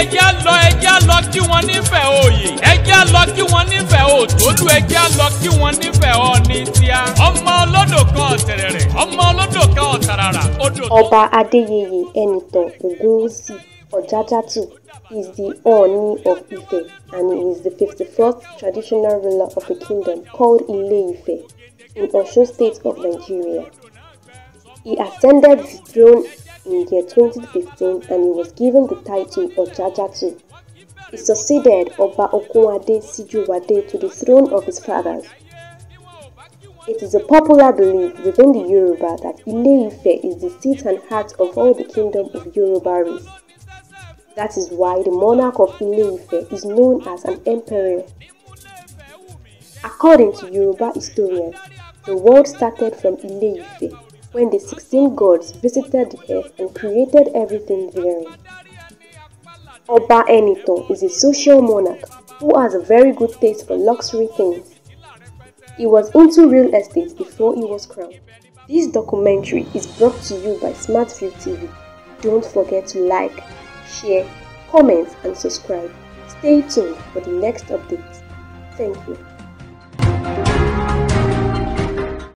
ẹjẹ́ lọ ẹjẹ́ lọ kí wọ́n nífẹ̀ẹ́ òye ẹjẹ́ lọ kí wọ́n nífẹ̀ẹ́ òtólú ẹjẹ́ lọ kí wọ́n nífẹ̀ẹ́ ọ̀ní tíá ọmọ olódò kan ọ̀tẹ̀rẹ̀rẹ̀ ọmọ olódò kan ọ̀tàràrà ọba adéyẹyẹ ẹnìtàn ògúnwúsì ọ̀jájátù is the Oni of Ife and he is the fifty-fourth traditional ruler of a kingdom called Ile-Ife in Osun state of Nigeria. He ascended the throne in the year 2015 and he was given the title Ojajaksu. He succeeded Oba Okunwade Sijuwade to the throne of his fathers. It is a popular belief within the Yoruba that Ile-Ife is the seat and heart of all the kingdom of Yoruba race. That is why the monarch of Ile-Ife is known as an emperor. According to Yoruba historians, the world started from Ile-Ife when the 16 gods visited the earth and created everything therein. Oba Enito is a social monarch who has a very good taste for luxury things. He was into real estate before he was crowned. This documentary is brought to you by SmartView TV. Don't forget to like, share, comment and subscribe. Stay tuned for the next update. Thank you.